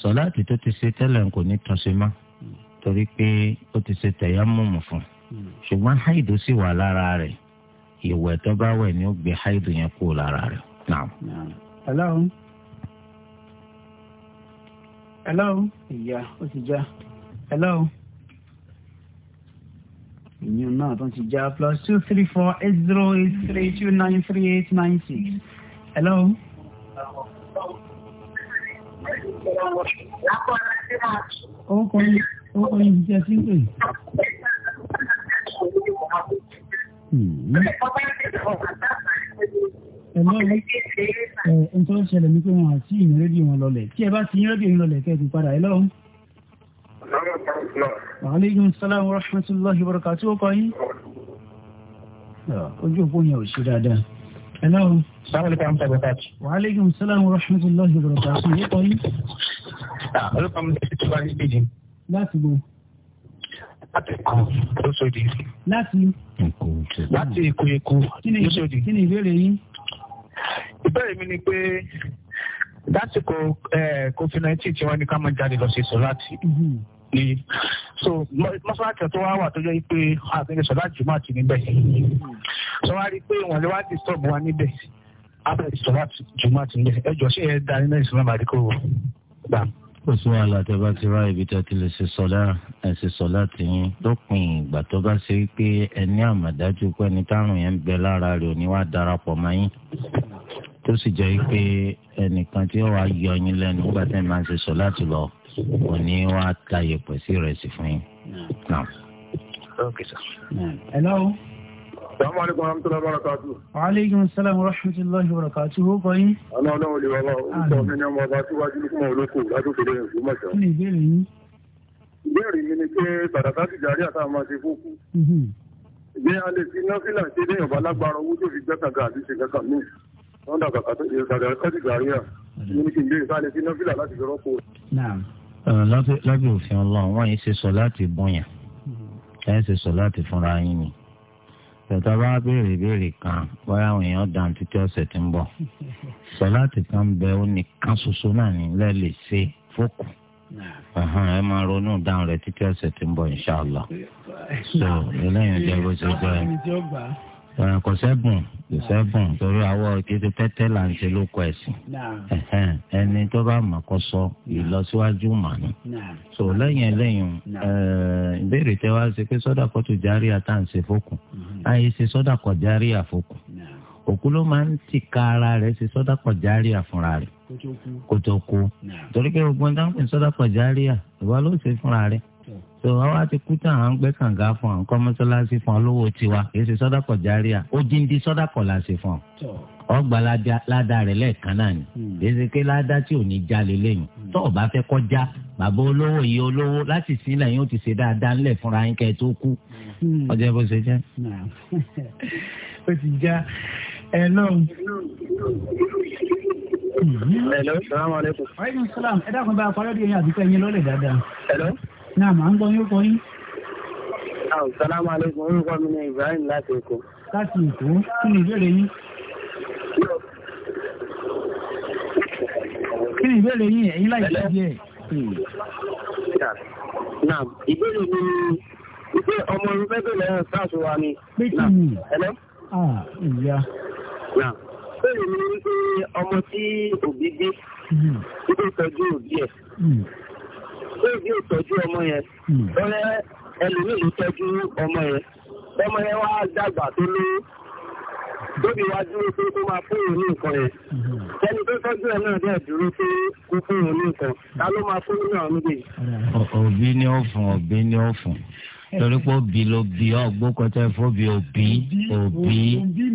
sọ́lá àti tó ti ṣe tẹ́lẹ̀ kò ní túnṣe mọ́ torí pé ó ti ṣe tẹ̀yọ́ mú mú fún ṣùgbọ́n haid sì wà lára rẹ̀ ìwẹ̀ tó bá wẹ̀ ni ó gbé haid yẹn kúrò lára rẹ̀ Hello. Hello. ìyá ó ti já hello. ìyẹn náà tó ń ti já plus two three four eight zero eight three two nine three eight nine six hello. ó kọ́ yín ó kọ́ yín jẹ́ sí pé. Ẹ̀lọ́ ẹ̀ ẹ̀ ń tọ́ ṣẹlẹ̀ ní pé wọn àti ìyìn rédíò wọn lọlẹ̀. Tí ẹ bá ti yín rédíò yín lọlẹ̀ kẹ́ ẹ ti padà ẹ lọ́hùn. Àléyìn Sálàmù Rahmatullahi Baraka tí ó kọ́ yí. Ojú òpó yẹn ò ṣe dáadáa. Hello. Àléyìn Sálàmù Rahmatullahi Baraka tí ó kọ́ yí. Láti gbò. Láti Láti. Láti Èkó Kí ni ìbéèrè yín? Ìbéèrè mi ni pé lásìkò eh, COVID-19 ni so mọ́sálásí tó wá wà tó jẹ́ pé àtẹ̀lẹ́ sọ̀lá jùmọ̀ àti níbẹ̀ sọ wá rí i pé wọ́n lè wá disturb wa níbẹ̀ abẹ́rẹ́ sọ̀lá jùmọ̀ àti níbẹ̀ ẹjọ́ sí ẹ̀ dání náà ìsìnkú àdìkò gbà. ó sì wà láti bá ti rá ibi tó ti lè ṣe sọlá ẹ ṣe sọlá tì yín lópin ìgbà tó bá ṣe pé ẹni àmọ̀dájú pé ẹni tárùn yẹn ń bẹ lára rẹ̀ òní wàá darapọ̀ mọ́ yín tó sì jẹ́ pé ẹnìkan tí ó wàá yọ yín lẹ́nu nígbà òní wá ta yẹ̀pẹ̀ sí ìrẹsì fún yín. hello. Assalamu alaikum warahmatullahi wabarakatuh. Wa alaikum assalam warahmatullahi wabarakatuh. Ó kọ́ yín. Àná ọ̀nà òní bàbá orúkọ ah. mi ni ọmọ ọba síwájú ní kúmọ̀ olóko látòkèrè ìlú mọ̀ṣọ́. Kí ni ìbéèrè yín? Ìbéèrè mi ni pé bàdàkà ti jàrí àtàwọn máa ṣe fóòkù. Ní mm-hmm. a lè fi nọ́fìlà ṣe ní ìyọ̀bá lágbára owó tó fi gbẹ́kàgà àti ṣe kankan míì. Wọ́n dàgbà kàtó ìrẹsàdàkà ti jàrí à. Mm-hmm. Mo kí n lábẹ́ òfin ọlọ́run wọ́n yìí ṣe sọ láti bọ̀yàn ẹ̀ ṣe sọ láti fúnra yín ni tẹ̀tọ́ bá béèrè ìbéèrè kan bóyá àwọn èèyàn dàn títí ọ̀sẹ̀ tí ń bọ̀ sọ láti kan bẹ ó nìkan ṣoṣo náà ní lẹ́lẹ̀ ṣe fókù ẹ máa ronú dáhùn rẹ̀ títí ọ̀sẹ̀ tí ń bọ̀ inṣàlá so eléyìí jẹ́ bó ṣe jẹ́ ẹ kò sẹ́bùn kò sẹ́bùn torí àwọ̀ kété tẹ́tẹ́ là ń ṣe ló kọ ẹ̀sìn ẹni tó bá mọ̀ kọ́ sọ ìlọsíwájú màánù. so lẹ́yìn lẹ́yìn ìbéèrè tẹ́ wá ṣe pé sọ́dà kọ́ tó járí àtàǹṣe fókun mm-hmm. àyè ṣe sọ́dà kọ́ járí àfókun òkú ló máa ń tìka ara rẹ̀ ṣe sọ́dà kọ́ járí àfúnra rẹ̀ kó tó kú torí pé gbogbo ń dáhùn sọ́dà kọ́ járí à ìwà ló ṣe fúnra rẹ̀ tó àwọn àti kúta à ń gbẹ́ kànga fún à ń kọ́ mọ́sálásí fún ọ lówó tiwa kì í ṣe sọ́dọ̀kọ̀ járíà ó díndín sọ́dọ̀kọ̀ la ṣe fún ọ. ọgbà ládàá rẹ̀ lẹ́ẹ̀kan náà ni èsèké hmm. ládàá tí ò ní já lélẹ́yìn hmm. tó o bá fẹ́ kọjá bàbá olówó yìí olówó láti sílẹ̀ yóò ti ṣe dáadáa ńlẹ̀ fúnra yín kẹ́ ẹ tó kú hmm. ọjọ́ bó ṣe jẹ́. *laughs* ó ti já ẹ náà. Hello, salaam aleykum. Wa aleykum salaam. Ẹ dákun bá a parí ọdún yẹn àbíkẹ́ náà máa ń gbọ́ yín kọ́ yín. Assalamu ah, alaikum orúkọ mi ni Ibrahim láti Èkó. Láti Èkó, kí ni ìbéèrè yín? Kí ni ìbéèrè yín ẹ̀yìn láì sí díẹ̀? Hmm. Náà, ìbéèrè mi ni wípé ọmọ orúkọ tó lẹ́yìn sáàsù wa ni. Pékì ni. Ẹ̀lẹ́. Ah, ìyá. Náà, ni wípé ọmọ tí òbí gbé, wípé hmm. tọ́jú òbí ẹ̀. Hmm lóògì ìtọ́jú ọmọ yẹn lọ́rẹ́ hmm. ẹlòmíì ló tọ́jú ọmọ yẹn ọmọ yẹn wá dàgbà tó ló tóbi wá dúró pé kó máa fún òun ní nǹkan yẹn hmm. ẹni tó tọ́jú ẹ̀ náà dẹ̀ dúró pé kó fún òun ní nǹkan ta ló máa fún nínú àwọn méjèèjì. òbí ni ó òbí ni ó torí pé òbí ló bí ọ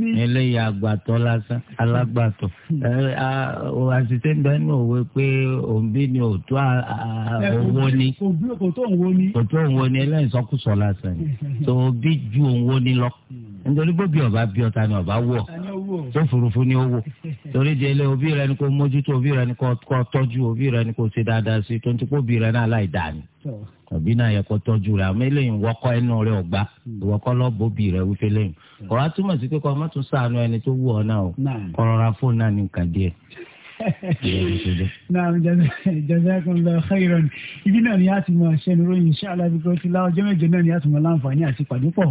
ni. eléyìí àgbàtọ́ lásán alágbàtọ́ hmm. àṣìṣe ń bẹ ní òwe pé òǹbí ni òtó òwò ni kò tó òwò ni eléyìí sọkúsọ lásán tó hmm. bí ju òwò ni lọ hmm. nítorí bóbi ọba bí ọta ni ọba wọ. tó furuufú ni owo tori torí di ilé òbí rẹ ni kò mójútó òbí rẹ ni kò tọ́jú òbí rẹ ni kò ṣe dáadáa sí tó ń tipó òbí rẹ náà láì dáa ni òbí náà yẹ kó tọ́jú rẹ àmọ́ eléyìí wọ́kọ́ ẹnu rẹ ọ̀gbá hmm. ìwọ́kọ́ lọ́bọ̀ òbí rẹ wípé lẹ́yìn hmm. túmọ̀ sí o kọ́ rọra fóònù náà naam jazakumullahu khairan ibi náà ni a ti mọ ṣẹnuró inshallah bí kò ti la ọjọ́ mẹ́jọ náà ni a ti mọ láǹfààní àti pàdé pọ̀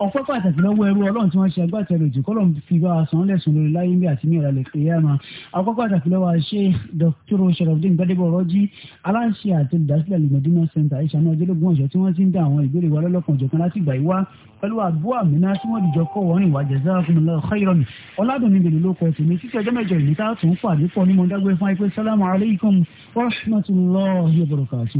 ọpẹ́ pàtàkì lọ́wọ́ ẹrú ọlọ́run tí wọ́n ṣe agbátẹrù jù kọ́lọ́n fi bá a san lẹ́sùn lórí láyé ń bẹ àti ní ìrọ̀lẹ́ kìyàmá ọpẹ́ pàtàkì lọ́wọ́ ṣe dr sharafdin gbadebo rọ́jí aláṣẹ àti olùdásílẹ̀ lùmọ̀dúnmọ̀ center aisha náà ọjọ́lógún ọ̀ṣọ́ tí wọ́n ti ń dá àwọn ìbéèrè wa lọ́lọ́kan ọ̀jọ̀kan láti gbà yí wá pẹ̀lú àbú àmìnà tí wọ́n dìjọ kọ́ wọ́n ìwà jẹ̀zá fúnmilá khairan ọ̀làdùnmí bèrè ló kọ́ tèmi títí ọjọ́ mẹ́jọ ìníta tó ń pàdé pọ̀ ní mọ̀dágbé fún àìpé sálámù alaykum